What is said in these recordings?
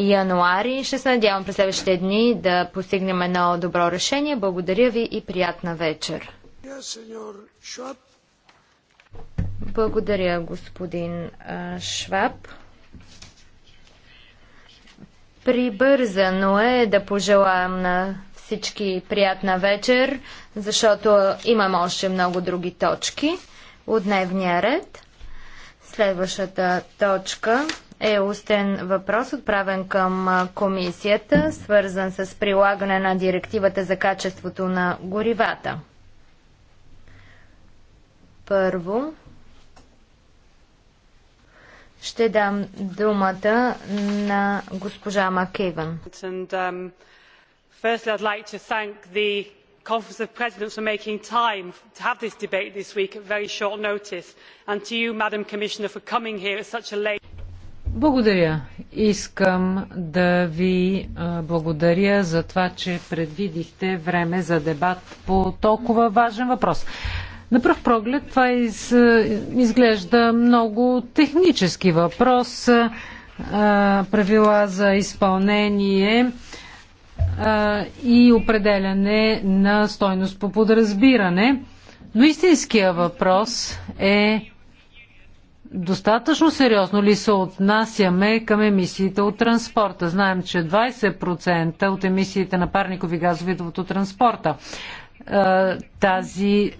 януари. Ще се надявам през следващите дни да постигнем едно добро решение. Благодаря ви и приятна вечер. Благодаря, господин Шваб. Прибързано е да пожелаем на всички приятна вечер, защото имам още много други точки от дневния ред. Следващата точка е устен въпрос, отправен към комисията, свързан с прилагане на директивата за качеството на горивата. Първо, ще дам думата на госпожа Макеван. Conference of Presidents for making time to have this debate this week at very short notice, and to you, Madam Commissioner, for coming here at such a late благодаря. Искам да ви благодаря за това, че предвидихте време за дебат по толкова важен въпрос. На пръв проглед това из, изглежда много технически въпрос. Правила за изпълнение и определяне на стойност по подразбиране. Но истинския въпрос е достатъчно сериозно ли се отнасяме към емисиите от транспорта? Знаем, че 20% от емисиите на парникови газове идват от транспорта. Тази,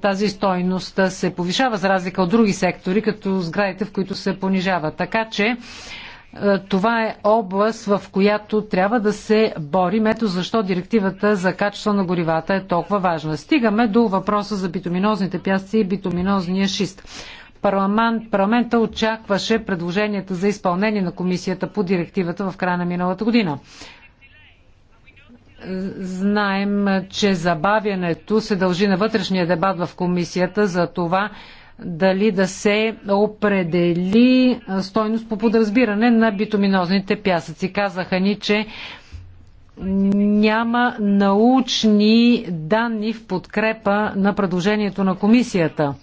тази стойност се повишава за разлика от други сектори, като сградите, в които се понижава. Така че това е област, в която трябва да се борим. Ето защо директивата за качество на горивата е толкова важна. Стигаме до въпроса за битуминозните пясъци и битуминозния шист парламент, парламента очакваше предложението за изпълнение на комисията по директивата в края на миналата година. Знаем, че забавянето се дължи на вътрешния дебат в комисията за това дали да се определи стойност по подразбиране на битоминозните пясъци. Казаха ни, че няма научни данни в подкрепа на предложението на комисията.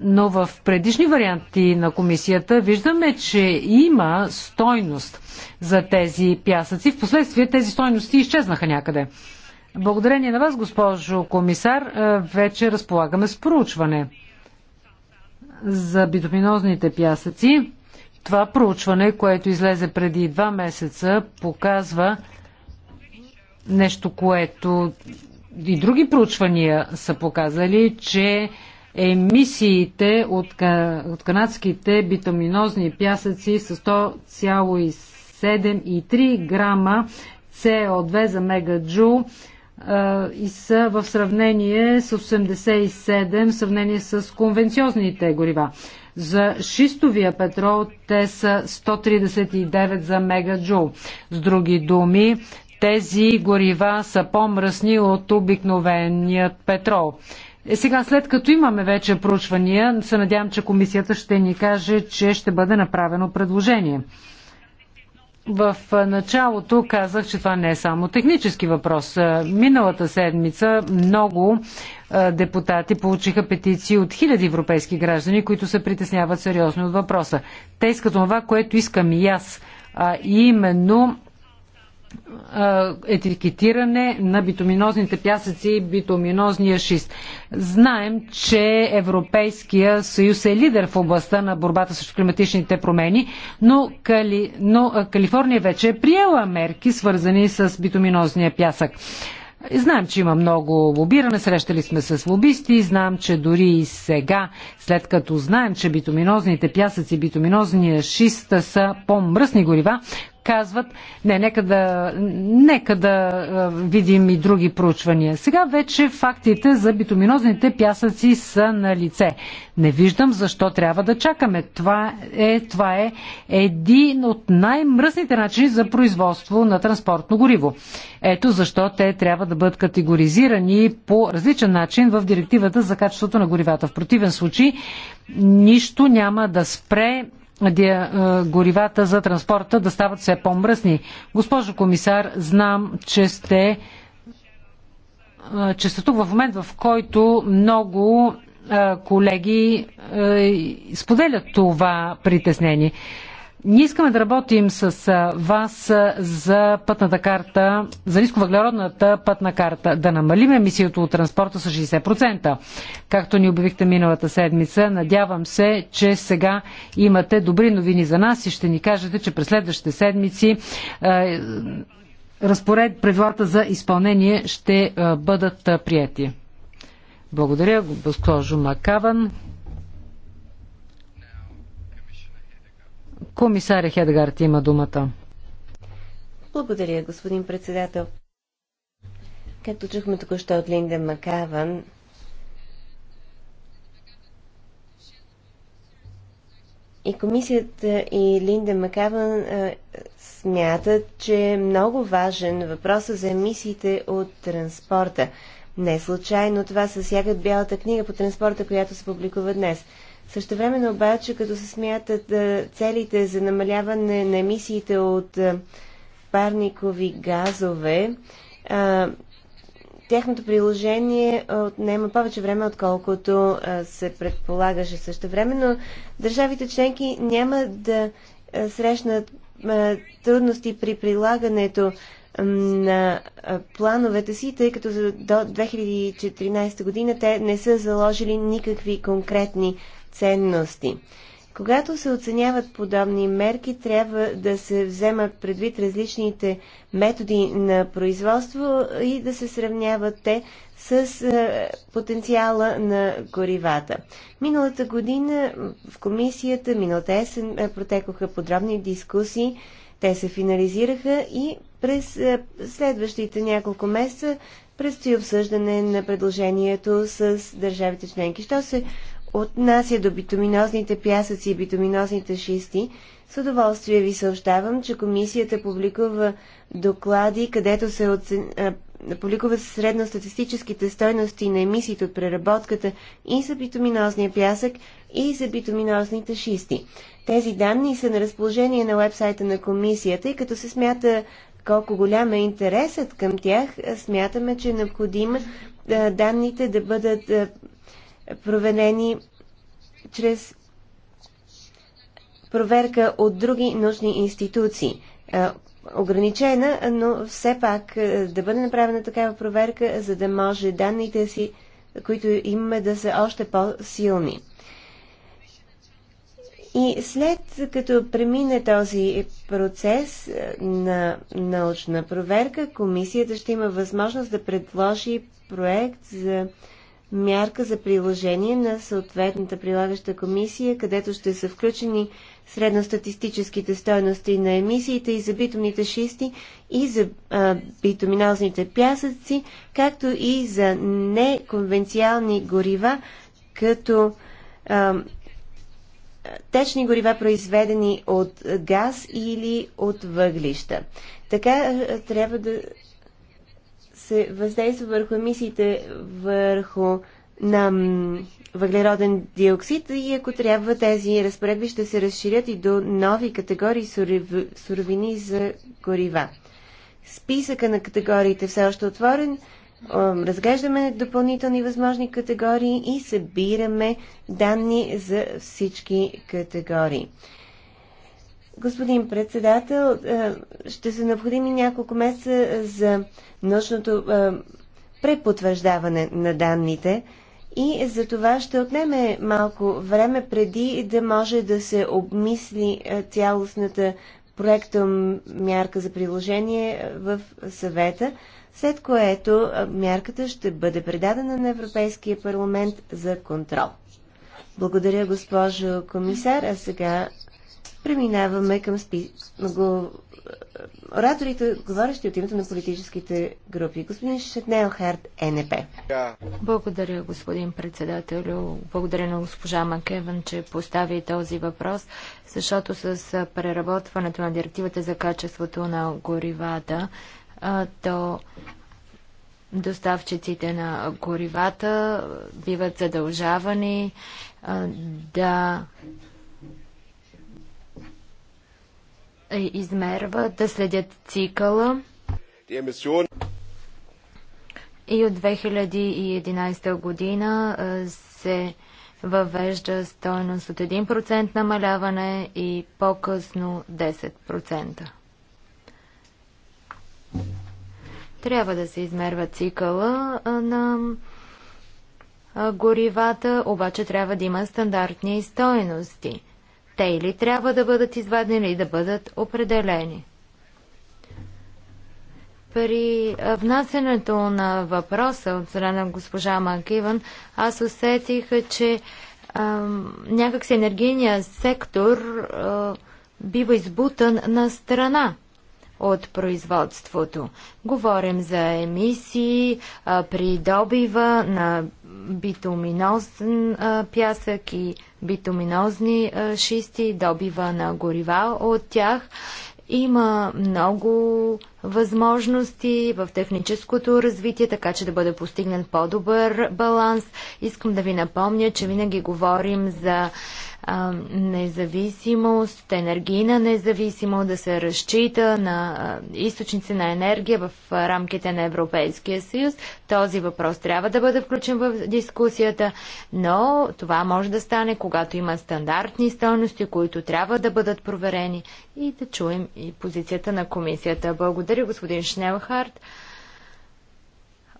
Но в предишни варианти на комисията виждаме, че има стойност за тези пясъци. Впоследствие тези стойности изчезнаха някъде. Благодарение на вас, госпожо комисар, е, вече разполагаме с проучване за битуминозните пясъци. Това проучване, което излезе преди два месеца, показва нещо, което и други проучвания са показали, че емисиите от, от канадските битаминозни пясъци с 100,7 и 3 грама CO2 за мегаджул и са в сравнение с 87, в сравнение с конвенциозните горива. За шистовия петрол те са 139 за мегаджул. С други думи, тези горива са по-мръсни от обикновеният петрол. Е, сега, след като имаме вече проучвания, се надявам, че комисията ще ни каже, че ще бъде направено предложение. В началото казах, че това не е само технически въпрос. Миналата седмица много депутати получиха петиции от хиляди европейски граждани, които се притесняват сериозно от въпроса. Те искат това, което искам и аз, а именно е, етикетиране на битуминозните пясъци и битуминозния шист. Знаем, че Европейския съюз е лидер в областта на борбата с климатичните промени, но, Кали... но Калифорния вече е приела мерки, свързани с битуминозния пясък. Знаем, че има много лобиране, срещали сме с лобисти, знам, че дори и сега, след като знаем, че битуминозните пясъци и битуминозния шист са по-мръсни горива, казват, не, нека да, нека да видим и други проучвания. Сега вече фактите за битуминозните пясъци са на лице. Не виждам защо трябва да чакаме. Това е, това е един от най-мръсните начини за производство на транспортно гориво. Ето защо те трябва да бъдат категоризирани по различен начин в директивата за качеството на горивата. В противен случай нищо няма да спре е, горивата за транспорта да стават все по-мръсни. Госпожо комисар, знам, че сте е, че сте тук в момент, в който много е, колеги споделят това притеснение. Ние искаме да работим с вас за пътната карта, за нисковъглеродната пътна карта, да намалим емисията от транспорта с 60%. Както ни обявихте миналата седмица, надявам се, че сега имате добри новини за нас и ще ни кажете, че през следващите седмици разпоред правилата за изпълнение ще бъдат приятели. прияти. Благодаря, госпожо Макаван. Комисаря Хедгард има думата. Благодаря, господин председател. Както чухме току-що от Линда Макаван, И комисията и Линда Макаван смятат, че е много важен въпросът за емисиите от транспорта. Не случайно това съсягат бялата книга по транспорта, която се публикува днес. Също времено обаче, като се смятат целите за намаляване на емисиите от парникови газове, тяхното приложение отнема повече време, отколкото се предполагаше. Също времено държавите членки няма да срещнат трудности при прилагането на плановете си, тъй като до 2014 година те не са заложили никакви конкретни ценности. Когато се оценяват подобни мерки, трябва да се вземат предвид различните методи на производство и да се сравняват те с е, потенциала на горивата. Миналата година в комисията, миналата есен, е, протекоха подробни дискусии. Те се финализираха и през е, следващите няколко месеца предстои обсъждане на предложението с държавите членки. Що се отнася до битуминозните пясъци и битуминозните шисти, с удоволствие ви съобщавам, че комисията публикува доклади, където се оцен... публикува средностатистическите стойности на емисиите от преработката и за битуминозния пясък, и за битуминозните шисти. Тези данни са на разположение на вебсайта на комисията и като се смята колко голям е интересът към тях, смятаме, че е необходимо данните да бъдат проведени чрез проверка от други научни институции. Ограничена, но все пак да бъде направена такава проверка, за да може данните си, които имаме, да са още по-силни. И след като премине този процес на научна проверка, комисията ще има възможност да предложи проект за мярка за приложение на съответната прилагаща комисия, където ще са включени средностатистическите стойности на емисиите и за битумните шисти и за а, битуминозните пясъци, както и за неконвенциални горива, като а, течни горива, произведени от газ или от въглища. Така трябва да се въздейства върху емисиите върху на въглероден диоксид и ако трябва тези разпоредби ще се разширят и до нови категории суровини за горива. Списъка на категориите все още отворен. Разглеждаме допълнителни възможни категории и събираме данни за всички категории. Господин председател, е, ще са необходими няколко месеца за нощното е, препотвърждаване на данните и за това ще отнеме малко време преди да може да се обмисли е, цялостната проекта мярка за приложение в съвета, след което мярката ще бъде предадена на Европейския парламент за контрол. Благодаря, госпожо комисар. А сега Преминаваме към спи... Го... ораторите, говорещи от името на политическите групи. Господин Шетнел Харт, НП. Благодаря, господин председател. Благодаря на госпожа Макеван, че постави този въпрос, защото с преработването на директивата за качеството на горивата, то доставчиците на горивата биват задължавани да измерва, да следят цикъла. И от 2011 година се въвежда стойност от 1% намаляване и по-късно 10%. Трябва да се измерва цикъла на горивата, обаче трябва да има стандартни стойности те или трябва да бъдат извадени, или да бъдат определени. При внасенето на въпроса от страна на госпожа Макиван, аз усетих, че някак някакси енергийният сектор а, бива избутан на страна от производството. Говорим за емисии, а, при добива на битуминозен пясък и битуминозни шисти, добива на горива от тях. Има много възможности в техническото развитие, така че да бъде постигнат по-добър баланс. Искам да ви напомня, че винаги говорим за независимост, енергийна независимост, да се разчита на източници на енергия в рамките на Европейския съюз. Този въпрос трябва да бъде включен в дискусията, но това може да стане, когато има стандартни стойности, които трябва да бъдат проверени и да чуем и позицията на комисията. Благодаря, господин Шнелхарт.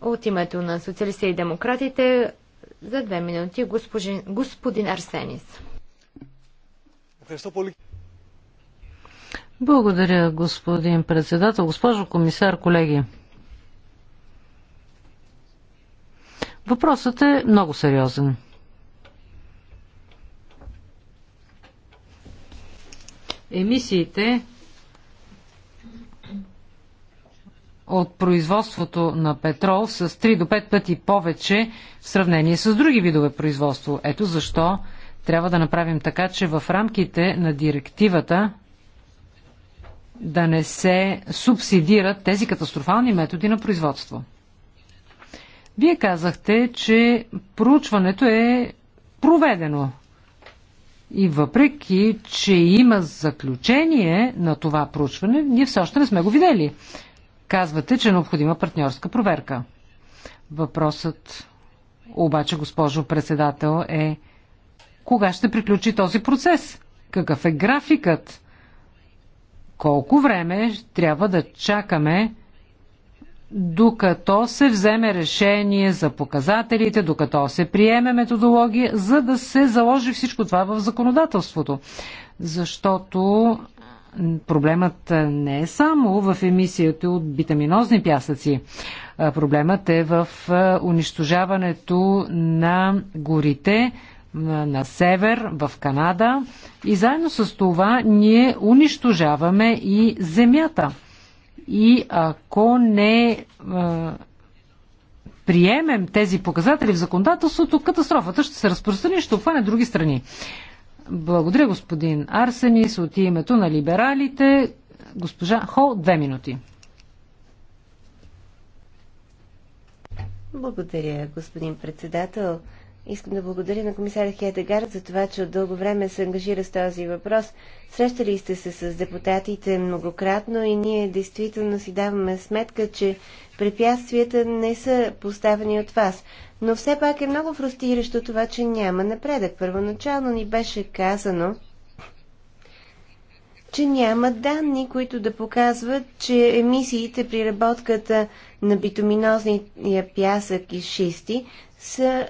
От името на социалистите и демократите за две минути господин Арсенис. Благодаря, господин председател. Госпожо комисар, колеги. Въпросът е много сериозен. Емисиите от производството на петрол с 3 до 5 пъти повече в сравнение с други видове производство. Ето защо трябва да направим така, че в рамките на директивата да не се субсидират тези катастрофални методи на производство. Вие казахте, че проучването е проведено. И въпреки, че има заключение на това проучване, ние все още не сме го видели. Казвате, че е необходима партньорска проверка. Въпросът обаче, госпожо председател, е кога ще приключи този процес? Какъв е графикът? Колко време трябва да чакаме докато се вземе решение за показателите, докато се приеме методология, за да се заложи всичко това в законодателството. Защото проблемът не е само в емисията от битаминозни пясъци. Проблемът е в унищожаването на горите, на север, в Канада. И заедно с това ние унищожаваме и земята. И ако не приемем тези показатели в законодателството, катастрофата ще се разпространи и ще обхване други страни. Благодаря, господин Арсенис. От името на либералите, госпожа Хол, две минути. Благодаря, господин председател. Искам да благодаря на комисаря Хедегард за това, че от дълго време се ангажира с този въпрос. Срещали сте се с депутатите многократно и ние действително си даваме сметка, че препятствията не са поставени от вас. Но все пак е много фрустиращо това, че няма напредък. Първоначално ни беше казано, че няма данни, които да показват, че емисиите при работката на битуминозния пясък и шисти са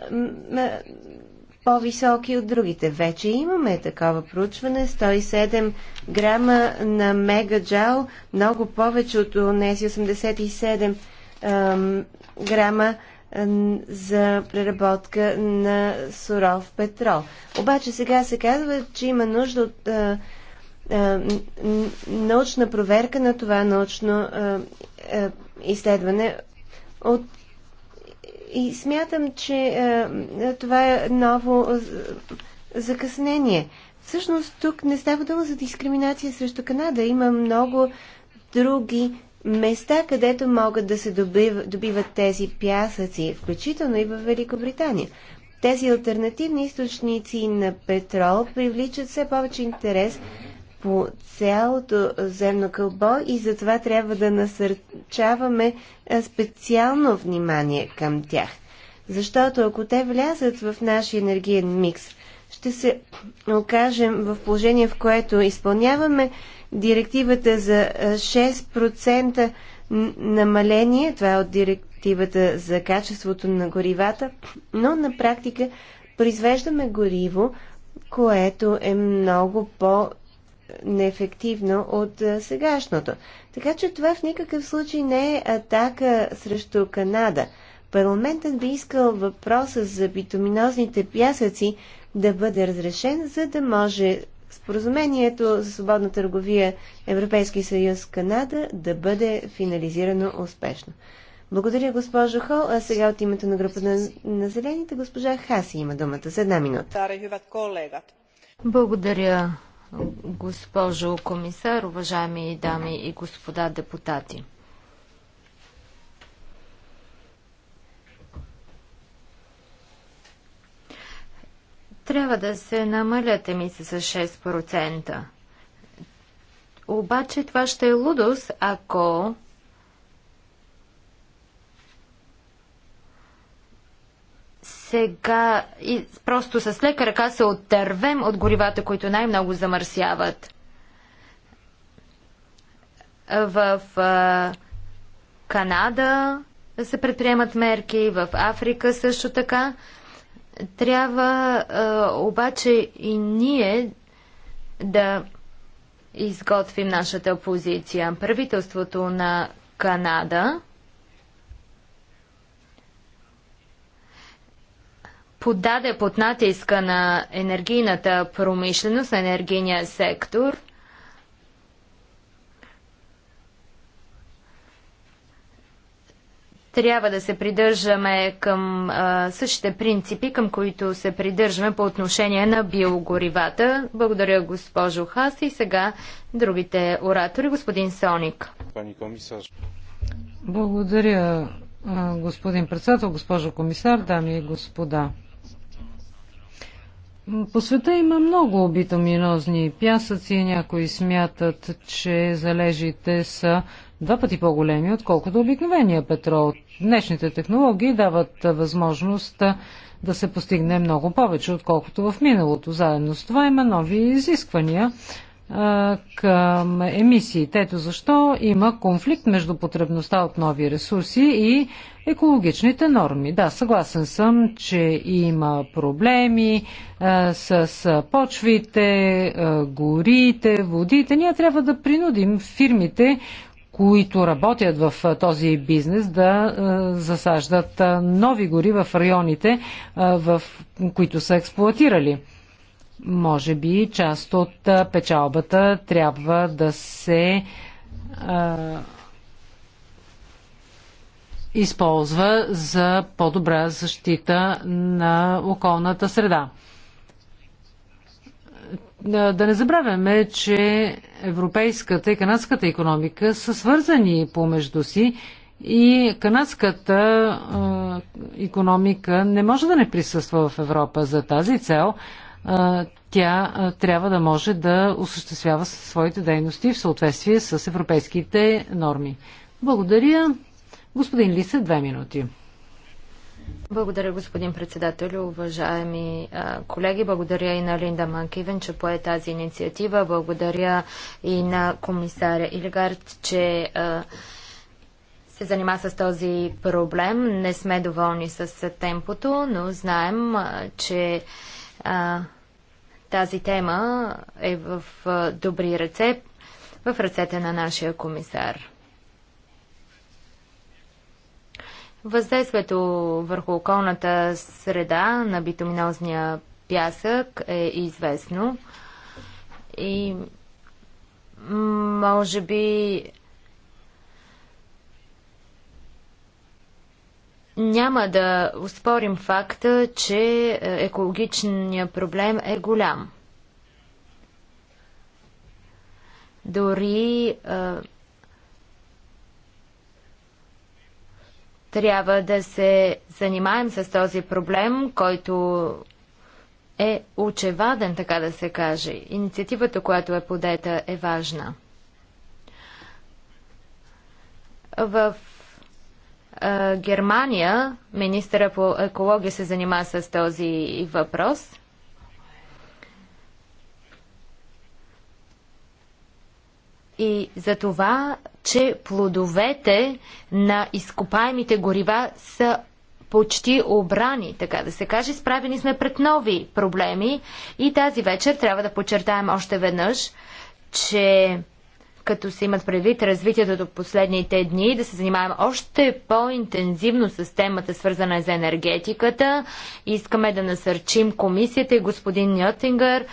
по-високи от другите. Вече имаме такова проучване. 107 грама на мегаджал, много повече от тези 87 ам, грама за преработка на суров петрол. Обаче сега се казва, че има нужда от а, а, научна проверка на това научно а, изследване от и смятам, че е, е, това е ново е, закъснение. Всъщност тук не става дума за дискриминация срещу Канада. Има много други места, където могат да се добиват тези пясъци, включително и в Великобритания. Тези альтернативни източници на петрол привличат все повече интерес по цялото земно кълбо и затова трябва да насърчаваме е, специално внимание към тях. Защото ако те влязат в нашия енергиен микс, ще се окажем в положение, в което изпълняваме директивата за 6% е, намаление, това е от директивата за качеството на горивата, но на практика произвеждаме гориво, което е много по- неефективно от сегашното. Така че това в никакъв случай не е атака срещу Канада. Парламентът би искал въпроса за битуминозните пясъци да бъде разрешен, за да може споразумението за свободна търговия Европейски съюз Канада да бъде финализирано успешно. Благодаря, госпожо Хол. А сега от името на група на, на зелените, госпожа Хаси има думата за една минута. Благодаря, госпожо комисар, уважаеми дами и господа депутати. Трябва да се намалят ми с 6%. Обаче това ще е лудост, ако сега и просто с лека ръка се оттървем от горивата, които най-много замърсяват. В а, Канада се предприемат мерки, в Африка също така. Трябва а, обаче и ние да изготвим нашата позиция. Правителството на Канада подаде под натиска на енергийната промишленост, на енергийния сектор. Трябва да се придържаме към а, същите принципи, към които се придържаме по отношение на биогоривата. Благодаря, госпожо Хас. И сега другите оратори, господин Соник. Благодаря, господин председател, госпожо комисар, дами и господа. По света има много битуминозни пясъци. Някои смятат, че залежите са два пъти по-големи, отколкото обикновения петрол. Днешните технологии дават възможност да се постигне много повече, отколкото в миналото. Заедно с това има нови изисквания към емисиите. Ето защо има конфликт между потребността от нови ресурси и екологичните норми. Да, съгласен съм, че има проблеми а, с почвите, а, горите, водите. Ние трябва да принудим фирмите, които работят в този бизнес, да засаждат нови гори в районите, в които са експлуатирали. Може би част от печалбата трябва да се а, използва за по-добра защита на околната среда. Да не забравяме, че европейската и канадската економика са свързани помежду си и канадската економика не може да не присъства в Европа за тази цел тя трябва да може да осъществява своите дейности в съответствие с европейските норми. Благодаря. Господин Лиса, две минути. Благодаря, господин председател, уважаеми а, колеги. Благодаря и на Линда Манкивен, че пое тази инициатива. Благодаря и на комисаря Илигард, че а, се занима с този проблем. Не сме доволни с темпото, но знаем, а, че а, тази тема е в а, добри ръце, в ръцете на нашия комисар. Въздействието върху околната среда на битуминозния пясък е известно и може би Няма да успорим факта, че е, екологичният проблем е голям. Дори а, е, трябва да се занимаем с този проблем, който е очеваден, така да се каже. Инициативата, която е подета, е важна. В Германия, министъра по екология се занимава с този въпрос. И за това, че плодовете на изкопаемите горива са почти обрани, така да се каже. Справени сме пред нови проблеми и тази вечер трябва да подчертаем още веднъж, че като се имат предвид развитието до последните дни, да се занимаваме още по-интензивно с темата, свързана с енергетиката. Искаме да насърчим комисията и господин Ньотингър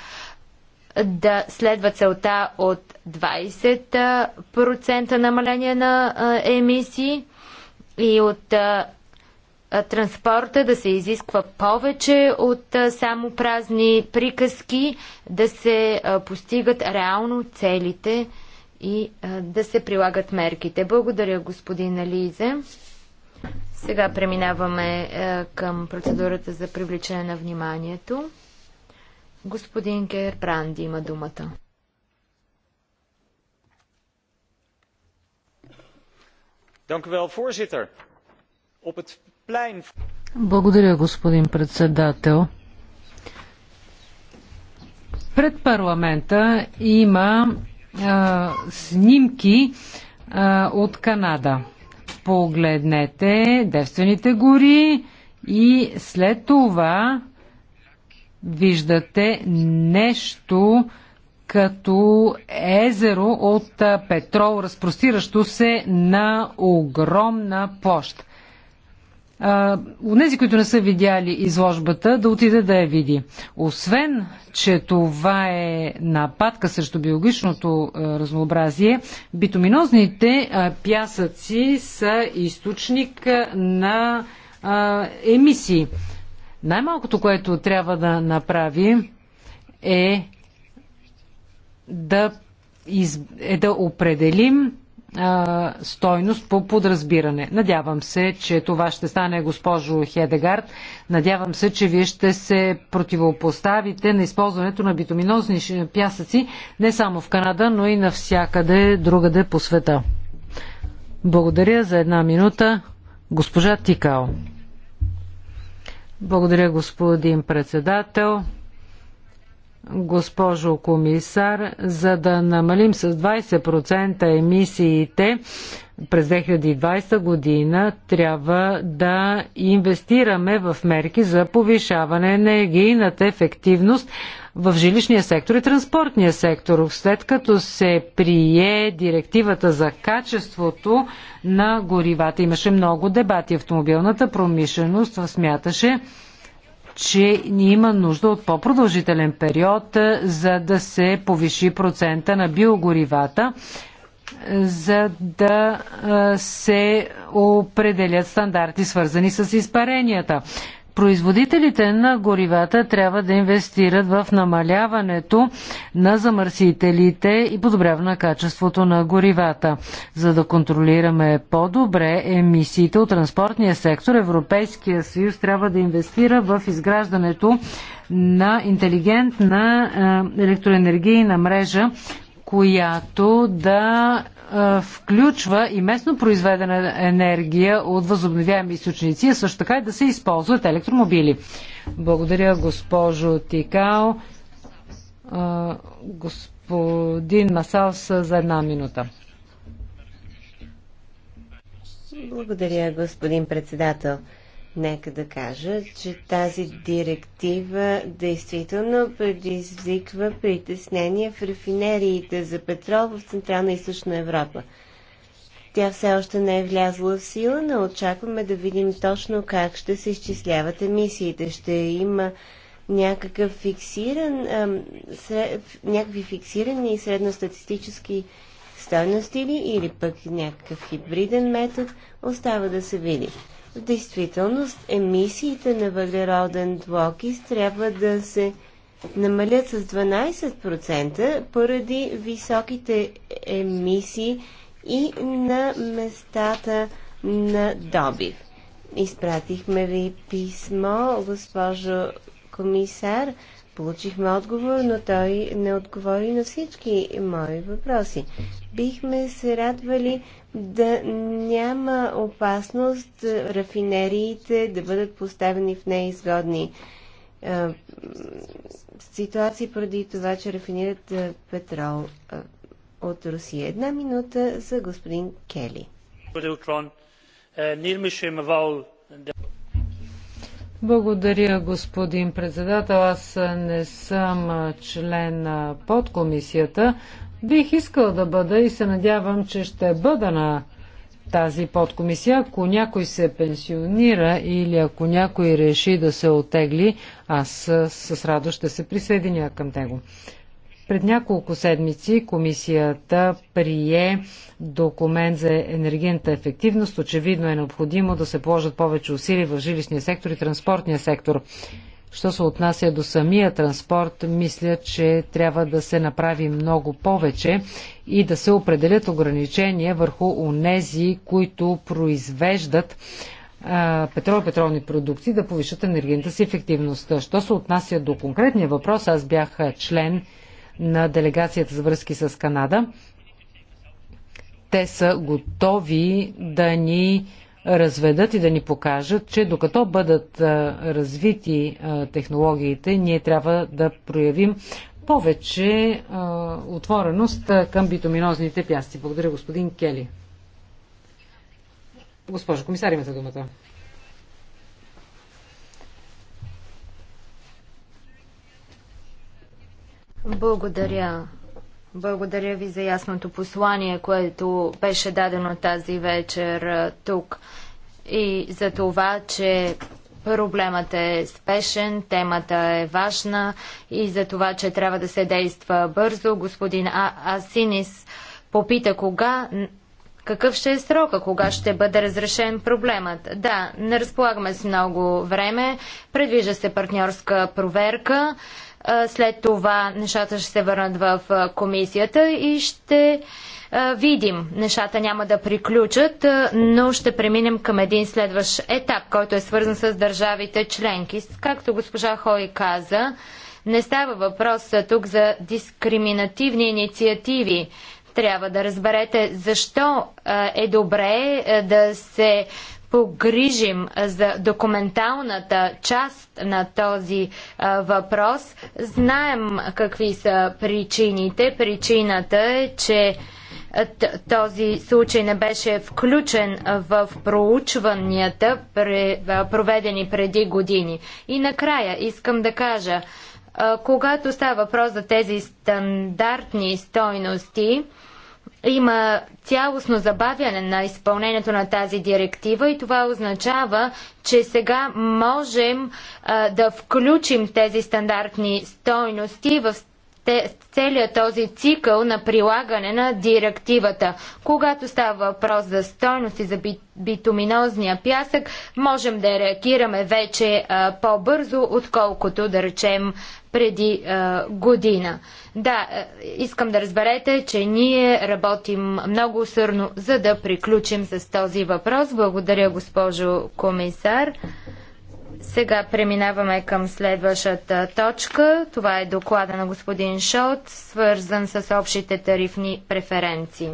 да следва целта от 20% намаление на емисии и от транспорта да се изисква повече от само празни приказки, да се постигат реално целите и а, да се прилагат мерките. Благодаря, господин Ализе. Сега преминаваме а, е, към процедурата за привличане на вниманието. Господин Пранди има думата. Благодаря, господин председател. Пред парламента има а, снимки а, от Канада. Погледнете девствените гори и след това виждате нещо като езеро от петрол, разпростиращо се на огромна площ. Унези, които не са видяли изложбата, да отиде да я види. Освен, че това е нападка срещу биологичното разнообразие, битуминозните пясъци са източник на емисии. Най-малкото, което трябва да направи е да, из... е да определим а, стойност по подразбиране. Надявам се, че това ще стане, госпожо Хедегард. Надявам се, че вие ще се противопоставите на използването на битуминозни пясъци не само в Канада, но и навсякъде другаде по света. Благодаря за една минута. Госпожа Тикао. Благодаря, господин председател госпожо комисар, за да намалим с 20% емисиите през 2020 година, трябва да инвестираме в мерки за повишаване на енергийната ефективност в жилищния сектор и транспортния сектор. След като се прие директивата за качеството на горивата, имаше много дебати. Автомобилната промишленост смяташе, че ни има нужда от по-продължителен период, е, за да се повиши процента на биогоривата, е, за да е, се определят стандарти, свързани с изпаренията. Производителите на горивата трябва да инвестират в намаляването на замърсителите и подобряване на качеството на горивата. За да контролираме по-добре емисиите от транспортния сектор, Европейския съюз трябва да инвестира в изграждането на интелигентна електроенергийна мрежа, която да включва и местно произведена енергия от възобновяеми източници, а също така и да се използват електромобили. Благодаря, госпожо Тикао. Господин Масалс за една минута. Благодаря, господин председател. Нека да кажа, че тази директива действително предизвиква притеснения в рафинериите за петрол в Централна и Източна Европа. Тя все още не е влязла в сила, но очакваме да видим точно как ще се изчисляват емисиите. Ще има някакъв фиксиран, ам, сред, някакви фиксирани средностатистически стойности или, или пък някакъв хибриден метод, остава да се види. В действителност емисиите на въглероден двуокис трябва да се намалят с 12% поради високите емисии и на местата на добив. Изпратихме ви писмо, госпожо комисар. Получихме отговор, но той не отговори на всички мои въпроси бихме се радвали да няма опасност е, рафинериите да бъдат поставени в неизгодни е, ситуации преди това, че рафинират е, петрол е, от Русия. Една минута за господин Кели. Благодаря, господин председател. Аз не съм член на подкомисията, Бих искал да бъда и се надявам, че ще бъда на тази подкомисия. Ако някой се пенсионира или ако някой реши да се отегли, аз с радост ще се присъединя към него. Пред няколко седмици комисията прие документ за енергийната ефективност. Очевидно е необходимо да се положат повече усилия в жилищния сектор и транспортния сектор. Що се отнася до самия транспорт, мисля, че трябва да се направи много повече и да се определят ограничения върху онези, които произвеждат петрол петролни продукти, да повишат енергийната си ефективност. Що се отнася до конкретния въпрос, аз бях член на делегацията за връзки с Канада. Те са готови да ни разведат и да ни покажат, че докато бъдат развити технологиите, ние трябва да проявим повече отвореност към битоминозните пясти. Благодаря, господин Кели. Госпожо комисар, имате думата. Благодаря, благодаря ви за ясното послание, което беше дадено тази вечер тук и за това, че проблемът е спешен, темата е важна и за това, че трябва да се действа бързо. Господин а- Асинис попита кога какъв ще е срока, кога ще бъде разрешен проблемът? Да, не разполагаме с много време. Предвижда се партньорска проверка. След това нещата ще се върнат в комисията и ще видим. Нещата няма да приключат, но ще преминем към един следващ етап, който е свързан с държавите членки. Както госпожа Хой каза, не става въпрос тук за дискриминативни инициативи. Трябва да разберете защо е добре да се погрижим за документалната част на този а, въпрос. Знаем какви са причините. Причината е, че този случай не беше включен в проучванията, проведени преди години. И накрая искам да кажа, когато става въпрос за тези стандартни стойности, има цялостно забавяне на изпълнението на тази директива и това означава, че сега можем а, да включим тези стандартни стойности в целият този цикъл на прилагане на директивата. Когато става въпрос за стойности за битуминозния пясък, можем да реагираме вече по-бързо, отколкото да речем преди а, е, година. Да, е, искам да разберете, че ние работим много усърно, за да приключим с този въпрос. Благодаря, госпожо комисар. Сега преминаваме към следващата точка. Това е доклада на господин Шот, свързан с общите тарифни преференции.